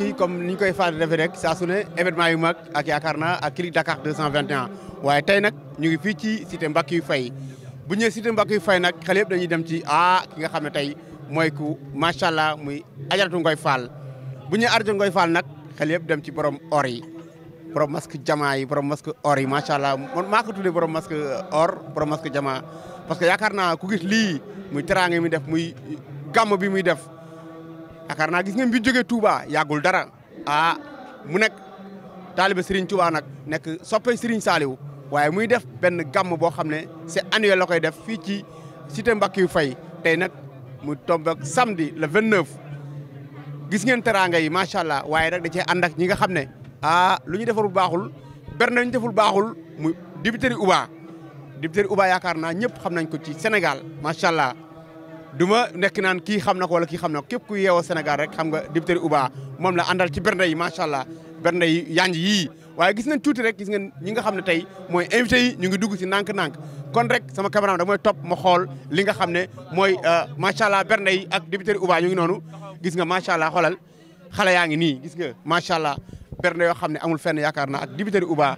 kii comme ni ñu koy faral di defee rek saa su ne yu mag ak yaakaar naa ak Click Dakar 221 waaye tey nag ñu ngi fii ci cité Mbackiyou Faye bu ñëwee cité Mbackiyou fay nag xale yëpp dañuy dem ci ah ki nga xam ne tey mooy ku macha allah muy ajaratu ngoy faal bu ñëwee ajaratu ngoy faal nag xale yëpp dem ci borom or yi borom masque jamaa yi borom masque or yi macha allah man maa ko tuddee borom or borom masque jamaa parce que yaakaar naa ku gis lii muy teraange muy def muy gàmm bi muy def. yaakaar naa gis ngeen bi jógee Touba yàggul dara ah mu nekk taaliba Serigne Touba nag nekk soppe Serigne Saliou waaye muy def benn gàmm boo xam ne c'est annuel la koy def fii ci cité Mbackiyou fay tey nag mu tombe ak samedi le 29 gis ngeen teraanga yi macha allah waaye nag da cee ànd ak ñi nga xam ne ah lu ñu defarul baaxul berne ñu deful baaxul mu dibiteri Uba dibiteri Uba yaakaar naa ñëpp xam nañ ko ci Sénégal macha allah du ma nekk naan kii xam na ko wala kii xam na ko képp ku yeewoo Sénégal rek xam nga dibiteri Uba moom la àndal ci bernde yi macha allah bernde yii waaye gis nañ tuuti rek gis ngeen ñi nga xam ne tey mooy yi ñu ngi dugg si nànk-nànk kon rek sama caméra da topp ma xool li nga xam ne mooy euh, macha allah bernde ak dibiteri Uba ñu ngi noonu gis nga macha allah xoolal xale yaa ngi nii gis nga macha allah bernde yoo xam ne amul fenn yaakaar na ak dibiteri Uba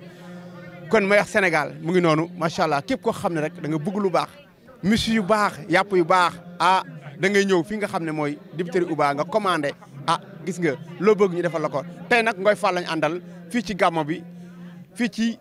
kon may wax Sénégal mu ngi noonu macha allah képp koo xam ne rek da nga bëgg lu baax miss yu baax yàpp yu baax ah da ngay ñëw fi nga xam ne mooy dibitëri Uba nga commandé ah gis nga loo bëgg ñu defal la ko tey nag Ngoye Fall lañ àndal fii ci gàmmo bi fii ci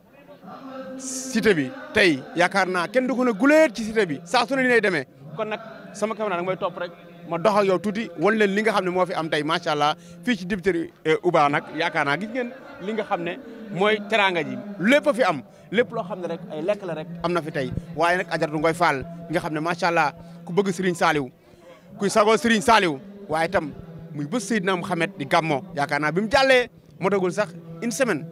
cité bi tey yaakaar naa kenn du ko ne guleet ci cité bi saa su ne ni lay demee kon nag sama caméra nag mooy topp rek ma dox ak yow tuuti wan leen li nga xam ne moo fi am tey macha allah fii ci dibitëri eh, Uba nag yaakaar naa gis ngeen li nga xam ne mooy teraanga ji lépp a fi am lépp loo xam ne rek ay lekk la rek am na fi tey waaye nag ajaratu ngoy faal nga xam ne macha allah ku bëgg Serigne Saliou kuy sagoo Serigne Saliou waaye tam muy bés Seydina Mouhamed di gàmmo yaakaar naa bi mu jàllee moo tagul sax une semaine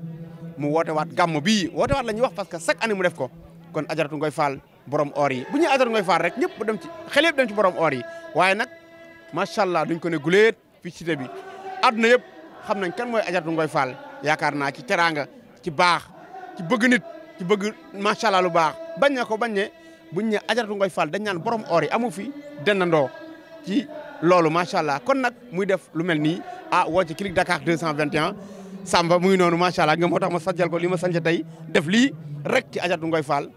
mu woote waat gàmmo bii woote waat la ñuy wax parce que chaque année mu def ko kon ajaratu ngoy faal borom or yi bu ñuy ajaratu ngoy faal rek ñëpp dem ci xel yëpp dem ci borom or yi waaye nag macha allah duñ ko ne guleet fii bi àdduna yëpp xam nañ kan mooy ajaratu ngoy yaakaar naa ci teraanga ci baax ci bëgg nit bëgg macha allah lu baax bañ ko bañ ne buñ ne ajaratu ngoy fal dañ naan borom or yi amu fi dendandoo ci loolu macha allah kon nag muy def lu mel nii ah woo ci Click Dakar 221 Samba mu ngi noonu macha allah nga moo tax ma sajal ko li ma sanc tey def lii rek ci ajaratu ngoy fal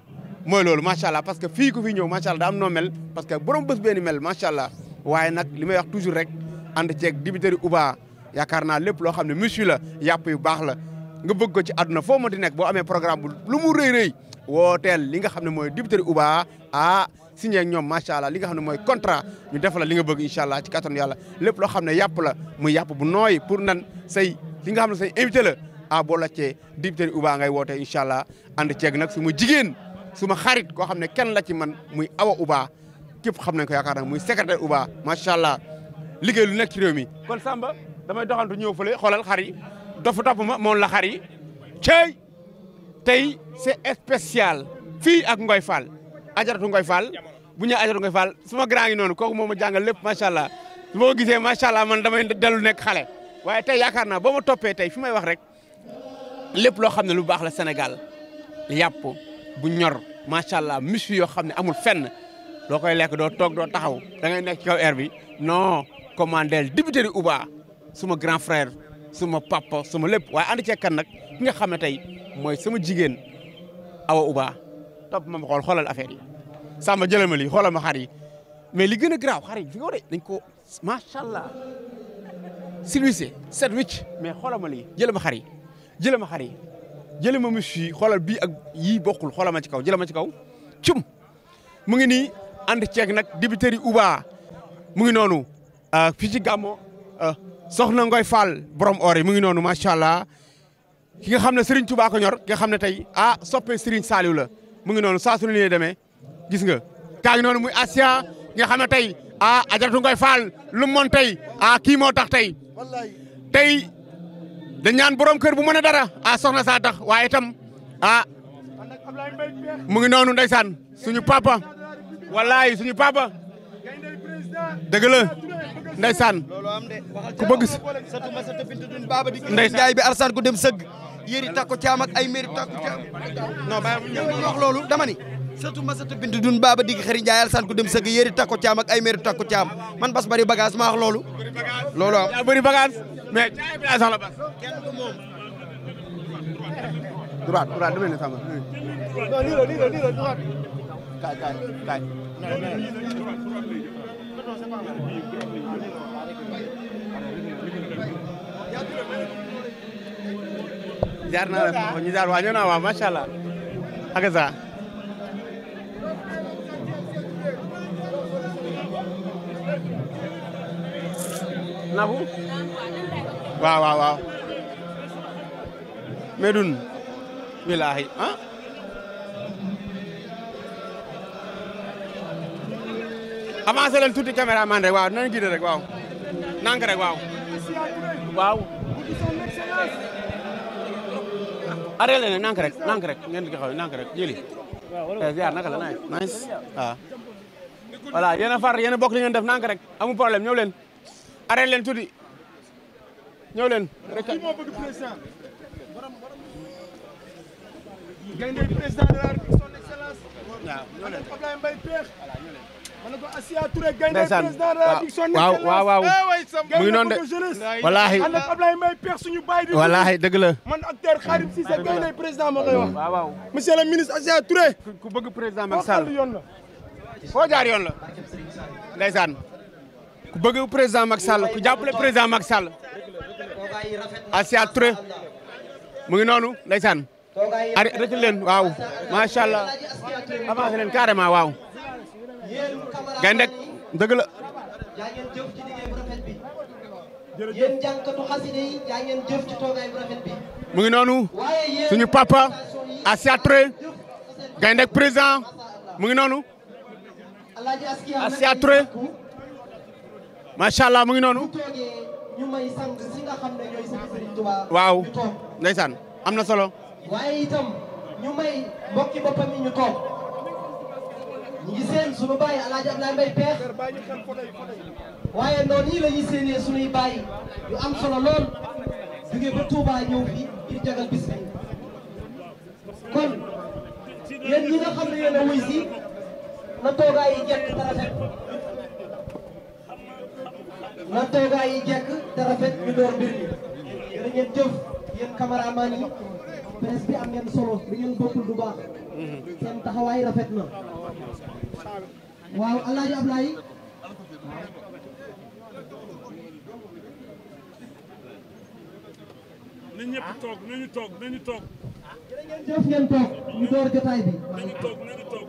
mooy loolu macha allah parce que fii ku fi ñëw macha allah daa am noo mel parce que borom bés benn mel macha allah waaye nag li ma wax toujours rek ànd ceeg dibiteri Uba. yaakaar naa lépp loo xam ne monsieur la yàpp yu baax la nga bëgg ko ci àdduna foo ma di nekk boo amee programme bu lu mu rëy rëy wooteel li nga xam ne mooy dibitëri Uba ah signé ak ñoom macha allah li nga xam ne mooy contrat ñu def li nga bëgg incha allah ci kattan yàlla lépp loo xam ne yàpp la muy yàpp bu nooy pour nan say li nga xam ne say invité la ah boo laajtee dibitëri Uba ngay woote incha allah ànd ceeg nag su ma jigéen su ma xarit koo xam ne kenn la ci man muy Awa Uba képp xam nañ ko yaakaar naa muy secrétaire Uba macha allah liggéey lu nekk ci réew mi damay doxantu ñëw fële xoolal xar yi dofu topp ma moom la xar yi tey se spécial fii ak Ngoy Fall ajaratu Ngoy Fall bu ñu ajaratu Ngoy su ma grand yi noonu kooku moom ma jàngal lépp macha allah su ma ko gisee macha allah man damay dellu nekk xale waaye tey yaakaar naa boo ma toppee tey fi may wax rek lépp loo xam ne lu baax la Sénégal yàpp bu ñor macha allah mus yoo xam ne amul fenn loo koy lekk doo toog doo taxaw da nekk ci kaw air bi non commandel débuté di suma grand frère suma papa suma lépp waaye ànd ceeg kan nag ki nga xam ne tey mooy sama jigéen awa uba topp ma ma xool xoolal affaire yi sàmm jëlal ma lii xoolal ma xar yi mais li gën a garaaw xar yi fi dañ ko macha allah silvissé set wicc mais xoolal ma lii jëlal ma xar yi jëlal ma xar yi ma mus xoolal bii ak yii bokkul xoolal ma ci kaw jëlal ma ci kaw cum mu ngi nii ànd ceeg nag dibiteri uba mu ngi noonu ah, fii ci gàmmo Euh, soxna Ngoy Fall borom oor mu ngi noonu macha allah ki nga xam ne Serigne Touba ko ñor nga xam ne tey ah soppee Serigne Saliou la mu ngi noonu saa su ne deme gis nga. kaa ngi noonu muy Asia nga xam ne tey ah Ajaratu Ngoy Fall lu tey ah kii moo tax tey tey dañ ñaan borom kër bu mën a dara ah soxna saa tax waaye itam ah mu ngi noonu ndeysaan suñu papa wallaay suñu papa dëgg ndeysaan ku bëgg si ndeysaan gaay bi arsaan ku dem sëgg yéri takko caam ay méri takko caam non ba wax loolu dama ni surtout dun baaba digg xëri njaay alsaan ku sëgg yéri takko caam ay méri takko caam man bas bari bagage ma wax loolu loolu am bari bagage mais caay bi bas jaar naa la foofu ñu jaar waajal naa waaw macha allah ak sa nabu waaw waaw waaw avancé leen tuuti caméraman rek waaw nañ gide rek waaw nank rek waaw waaw arrêté leen nank rek nank rek ngeen di xaw nank rek jëli eh, naka la nice waaw ah. voilà yéen far yéen a bokk li ngeen def nank rek amu problème ñëw leen arrêté leen tuuti ndeysaan waaw waaw eh waaw mu ngi noonu de wallaahi wallaahi dëgg la. man acteur Khadim Cissé Gaynde président ma koy wax. monsieur le ministre Asia Touré. ku bëgg président Macky Sall jaar yoon la. ndeysaan ku bëgg président Macky Sall ku jàppale président Macky Sall. Asia Touré mu ngi noonu ndeysaan. arrêté leen waaw macha allah avancé leen carrément waaw. gaynde mu ngi noonu suñu papa Asia Touré gaynde président mu ngi noonu Asia Touré macha mu ngi noonu. waaw ndeysaan am na solo. waaye itam ñu may mbokki boppam yi ñu ñu ngi su sunu bàyyi El Hadj Abdoulaye Mbaye Peex waaye noonu nii la ñuy séenee sunuy bàyyi yu am solo lool jóge ba Touba ñëw fi ngir jagal bis bi kon yéen ñi nga xam ne yéen a wuy si na toogaay yi jekk te rafet na toogaay yi jekk te rafet ñu door mbir mi jërë jëf yéen cameraman yi presse bi am ngeen solo li ngeen bokkul du baax seen taxawaay rafet na waaw alaaji Ablaye na ñëpp toog nañu toog nañu toog def ngeen toog ñu door jotaay bi nañu toog nañu toog